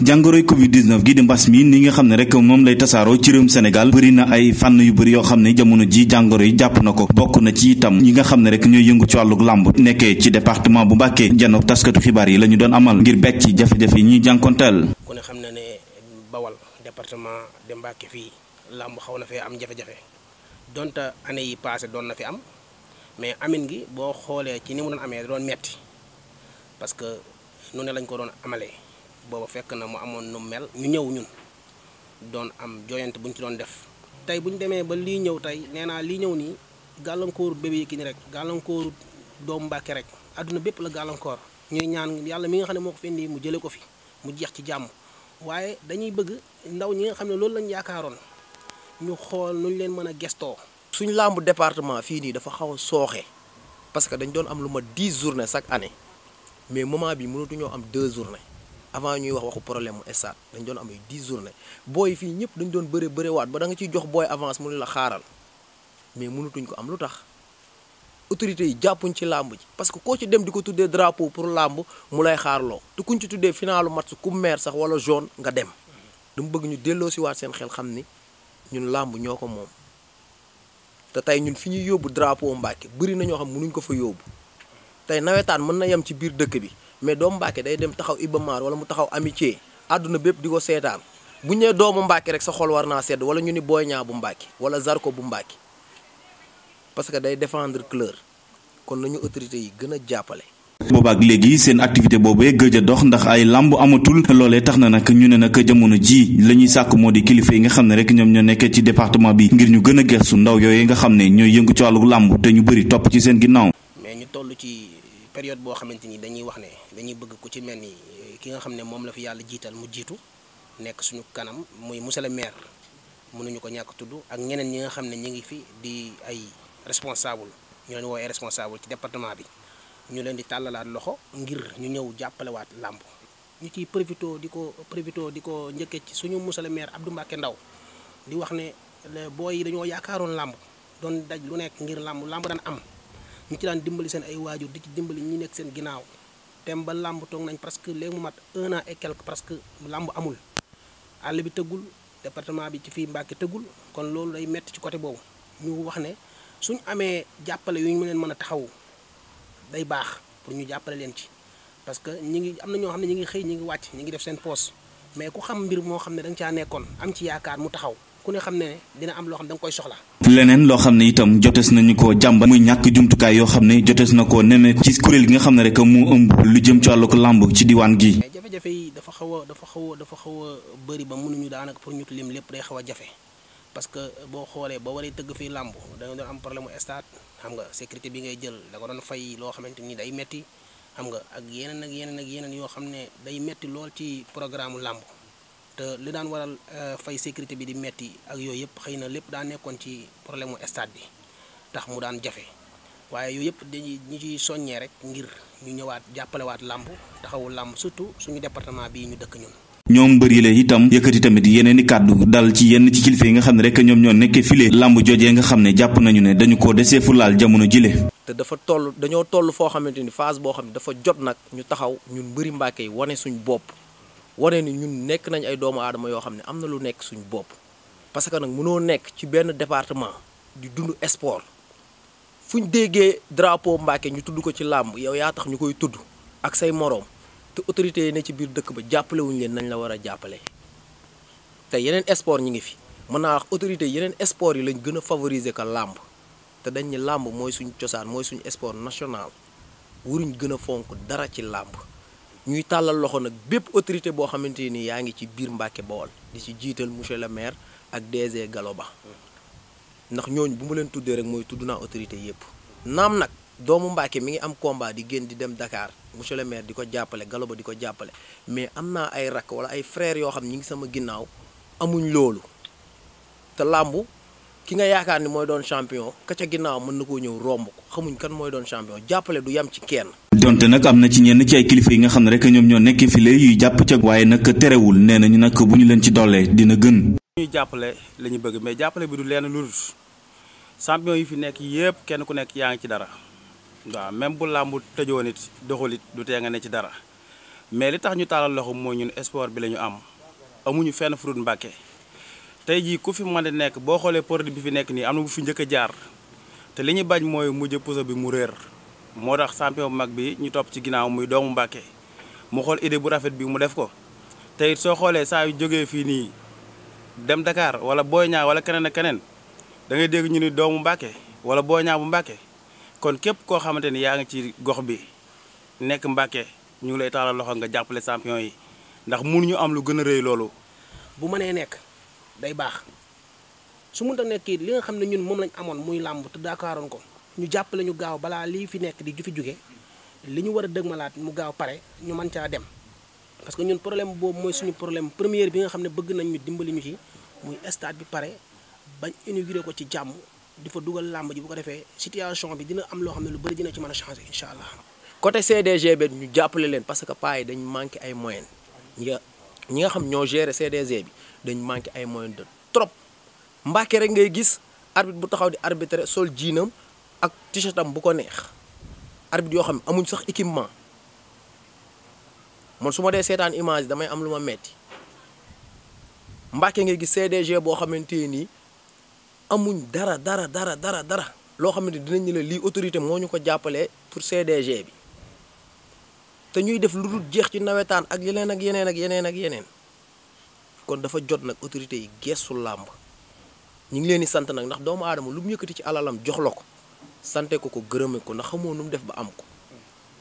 jàngoroy covid 19 gi di mbas mi ni nga xam ne rek moom lay tasaaroo ci réewum Sénégal bari na ay fànn yu bëri yoo xam ne jamono ji jàngoro yi jàpp na ko bokk na ci itam ñi nga xam ne rek ñooy yëngu ci wàllu làmb nekkee ci département bu Mbàkke janook taskatu xibaar yi la doon amal ngir bekk ci jafe-jafe yi ñuy jànkonteel ku ne xam na ne bawal département de Mbàkke fii làmb xaw na fee am jafe-jafe donte année yi passé doon na fi am mais amin gi boo xoolee ci ni mu doon amee doon metti parce que nu ne lañ ko doon amalee booba fekk na mu amoon nu mel ñu ñëw ñun doon am joyante bu ñu ci doon def tey bu ñu demee ba lii ñëw tey nee naa lii ñëw nii gàllankooru bébé Yékini rek gàllankooru doom Mbàkke rek àdduna bépp la gàllankoor ñuy ñaan yàlla mi nga xam ne moo ko fi mu jëlee ko fi mu jeex ci jàmm waaye dañuy bëgg ndaw ñi nga xam ne loolu lañ yaakaaroon ñu xool nuñ leen mën a gestoo suñ làmb département fii nii dafa xaw a sooxe parce que dañ doon am lu ma 10 journées chaque année mais moment bi mënatuñoo am 2 journées avant ñuy wax waxu problème mu stade dañ doon am ay 10 journée booy fii ñëpp dañu doon bëre bëre waat ba da nga jox booy avance mu ne la xaaral mais mënatuñ ko am lu tax autorités yi jàppuñ ci làmb ji parce que koo ci dem di ko tuddee drapeau pour làmb mu lay xaarloo te ci tuddee finalu match ku meer sax wala jaune nga dem dama bëgg ñu delloo si waat seen xel xam ni ñun làmb ñoo ko moom te tey ñun fi ñuy yóbbu drapeau Mbàkke bëri na ñoo xam mënuñ ko fa yóbbu tey nawetaan mën na yem ci biir dëkk bi mais doomu Mbacke day dem taxaw Iba Mar wala mu taxaw amitié àdduna bépp di ko seetaan bu ñëwee doomu Mbacke rek sa xol war naa sedd wala ñu ni Boy Niang bu Mbacke wala Zarko bu Mbacke parce que day défendre couleur kon nañu autorité yi gën a jàppale. boobaak léegi seen activité boobee gëj a dox ndax ay làmb amatul loolee tax na nag ñu ne nag jamono ji la ñuy sàkk moo di kilifa yi nga xam ne rek ñoom ñoo nekkee ci département bi ngir ñu gën a gëstu ndaw yooyu nga xam ne ñooy yëngu ci wàllu làmb te bëri topp ci seen ginnaaw. période boo xamante ni dañuy wax ne dañuy bëgg ko ci mel ni eh, ki nga xam ne moom la fi yàlla jiital mu jiitu nekk suñu kanam muy monsieur le maire mënuñu ko ñàkk tudd ak ñeneen ñi nga xam ne ñu ngi fi di ay responsable ñu leen woowee responsable ci département bi ñu leen di tàllalaat loxo ngir ñu ñëw jàppalewaat làmb ñu ciy profité di ko profité di ko njëkkee ci suñu monsieur le maire Abdou Mbacke Ndaw di wax ne booy yi dañoo yaakaaroon làmb doon daj lu nekk ngir làmb làmb daan am ñu ci daan dimbali seen ay waajur di ci dimbali ñi nekk seen ginnaaw dem ba làmb toog nañ parce que léegi mu mat un an et quelque parce que làmb amul àll bi tëggul département bi ci fii Mbàkke tëggul kon loolu day metti ci côté boobu ñu wax ne suñ amee jàppale yu ñu leen mën a taxawu day baax pour ñu jàppale leen ci parce que ñi ngi am na ñoo xam ne ñi ngi xëy ñi ngi wàcc ñi ngi def seen poos mais ku xam mbir moo xam ne da nga caa nekkoon am ci yaakaar mu taxaw ku ne xam ne dina am loo xam da koy soxla leneen loo xam ne itam jotees nañu ko jàmba muy ñàkk jumtukaay yoo xam ne jotees na ko nemeeku ci kuréel gi nga xam ne rek moo ëmb lu jëm ci wàllu ko làmb ci diwaan gi jafe-jafe yi dafa xaw a dafa xaw a dafa xaw a bëri ba mënuñu daanaka pour ñu lim lépp day xaw a jafe parce que boo xoolee ba waree tëgg fi làmb da doon am problème mu stade xam nga sécurité bi ngay jël da doon fay loo xamante ni day metti xam nga ak yeneen ak yeneen ak yeneen yoo xam ne day metti lool ci programme làmb te li daan waral euh, fay sécurité bi di metti ak yooyu yëpp xëy na lépp daa nekkoon ci problème mu stade bi tax mu daan jafe waaye yooyu yëpp dañuy ñu ciy soññee rek ngir ñu ñëwaat jàppalewaat làmb taxawu làmb surtout suñu département bii ñu dëkk ñun. ñoom mbëri la itam yëkkati tamit yeneen i kàddu dal ci yenn ci kilifa yi nga xam ne rek ñoom ñoo nekk file làmb joojee nga xam ne jàpp nañu ne dañu ko desee fu laal jamono jile. te dafa toll dañoo toll foo xamante ni phase boo xam ne dafa jot nag ñu taxaw ñun mbëri Mbàkke yi wane suñu bopp wane ni ñun nekk nañ ay doomu aadama yoo xam ne am na lu nekk suñu bopp parce que nag mënoo nekk ci benn département di dund sport fu ñu déggee drapo Mbacké ñu tudd ko ci làmb yow yaa tax ñu koy tudd ak say moroom te autorités yi ne ci biir dëkk ba jàppale leen nañ la war a jàppale te yeneen sport ñi ngi fi mën naa wax autorités yeneen sport yi lañ gën a favoriser ko làmb te dañ làmb mooy suñu cosaan mooy suñu sport national waruñ gën a fonk dara ci làmb ñuy tàllal loxo nag bépp autorité boo xamante ni yaa ngi ci biir Mbàkke Bawol di ci jiital monsieur le maire ak DG Gallo Ba ndax ñooñu bu ma leen tuddee rek mooy tudd naa autorité yëpp naam nag doomu Mbàkke mi ngi am combat di génn di dem dakaar monsieur le maire di ko jàppale galo Ba di ko jàppale mais am naa ay rakk wala ay frères yoo xam ñi ngi sama ginnaaw amuñ loolu te làmbu ki nga yaakaar ni mooy doon champion ka ca ginnaaw mën na koo ñëw romb ko xamuñ kan mooy doon champion jàppale du yam ci kenn donte nag am na ci ñenn ci ay kilifa yi nga xam ne rek ñoom ñoo nekk file yuy jàpp ca waaye nag terewul nee nañu nag bu ñu leen ci dollee dina gën. ñuy jàppale la ñu bëgg mais jàppale bi du leen lu dul champion yi fi nekk yëpp kenn ku nekk yaa ngi ci dara waaw même bu làmb tëjoon it doxul du tee nga ne ci dara mais li tax ñu taalal loxo mooy ñun sport bi la ñu am amuñu fenn furut Mbàkke tey jii ku fi man a nekk boo xoolee produit bi fi nekk nii am na bu fi njëkk a jaar te li ñu bañ mooy mujj puso bi mu réer. moo tax champion bu mag bi ñu topp ci ginnaaw muy doomu Mbàkke mu xool idée bu rafet bi mu def ko te soo xoolee saa yu jógee fii nii dem Dakar wala Boy Niang wala keneen ak keneen dangay dégg ñu ni doomu Mbàkke wala Boy Niang bu Mbàkke kon képp koo xamante ni yaa ngi ci gox bi nekk Mbàkke ñu ngi lay taalal loxo nga jàppale champion yi ndax ñu am lu gën a rëy loolu. bu mënee nekk day baax su mënta nekk li nga xam ne ñun moom lañ amoon muy làmb te ko. ñu jàppale ñu gaaw balaa lii fi nekk di ju fi jóge li ñu war a dëgmalaat mu gaaw pare ñu mën caa dem parce que ñun problème boobu mooy suñu problème première bi nga xam ne bëgg nañu dimbali ñu ci muy stade bi pare bañ inauguré ko ci jàmm di fa dugal làmb ji bu ko defee situation bi dina am loo xam ne lu bëri dina ci mën a changer incha allah. côté CDG bi ñu jàppale leen parce que paay yi dañ manqué ay moyens ñi nga xam ñoo gérer CDG bi dañu manqué ay moyens de trop Mbàkke rek ngay gis arbitre bu taxaw di arbitrer sol jiinam. ak t-shirt bu ko neex arbitre yoo xam ne amuñ sax équipement man su ma dee seetaan image damay am lu ma metti Mbàkke ngay gis CDG boo xamante nii amuñ dara dara dara dara dara loo xamante dinañ ne la lii autorité moo ñu ko jàppalee pour CDG bi te ñuy def lu dul jeex ci nawetaan ak yeneen ak yeneen ak yeneen ak yeneen kon dafa jot nag autorité yi geestu làmb ñu ngi leen di sant nag ndax doomu aadama lu mu yëkkati ci alalam jox la ko sante ko ko gërëme ko na xamoo nu mu def ba am ko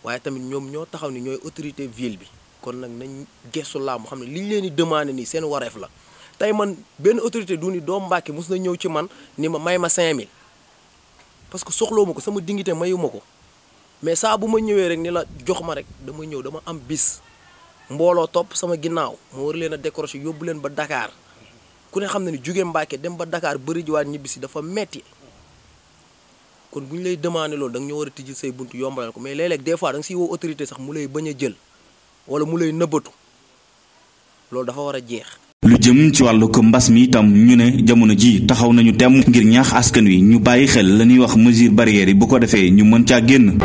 waaye tamit ñoom ñoo taxaw ni ñooy autorité ville bi kon nag nañ gestu laa mu xam ne li ñu leen di demandé nii seen wareef la tey man benn autorité du ni doo Mbàkke mos na ñëw ci man ni ma may ma 5000 parce que soxloo ma ko sama dignité mayuma ko mais saa bu ma ñëwee rek ni la jox ma rek dama ñëw dama am bis mbooloo topp sama ginnaaw moo war leen a décrocher yóbbu leen ba dakaar ku ne xam ne ni jóge Mbàkke dem ba Dakar bëri jiwaat ñibbisi dafa metti kon bu ñu lay demandé loolu da nga ñoo war a tijji say bunt yombalal ko mais léeg-léeg des fois da nga siy woo autorité sax mu lay bañ a jël wala mu lay nëbbatu loolu dafa war a jeex. lu jëm ci wàllu ko mbas mi itam ñu ne jamono ji taxaw nañu temm ngir ñaax askan wi ñu bàyyi xel la ñuy wax mesure barrière yi bu ko defee ñu mën caa génn.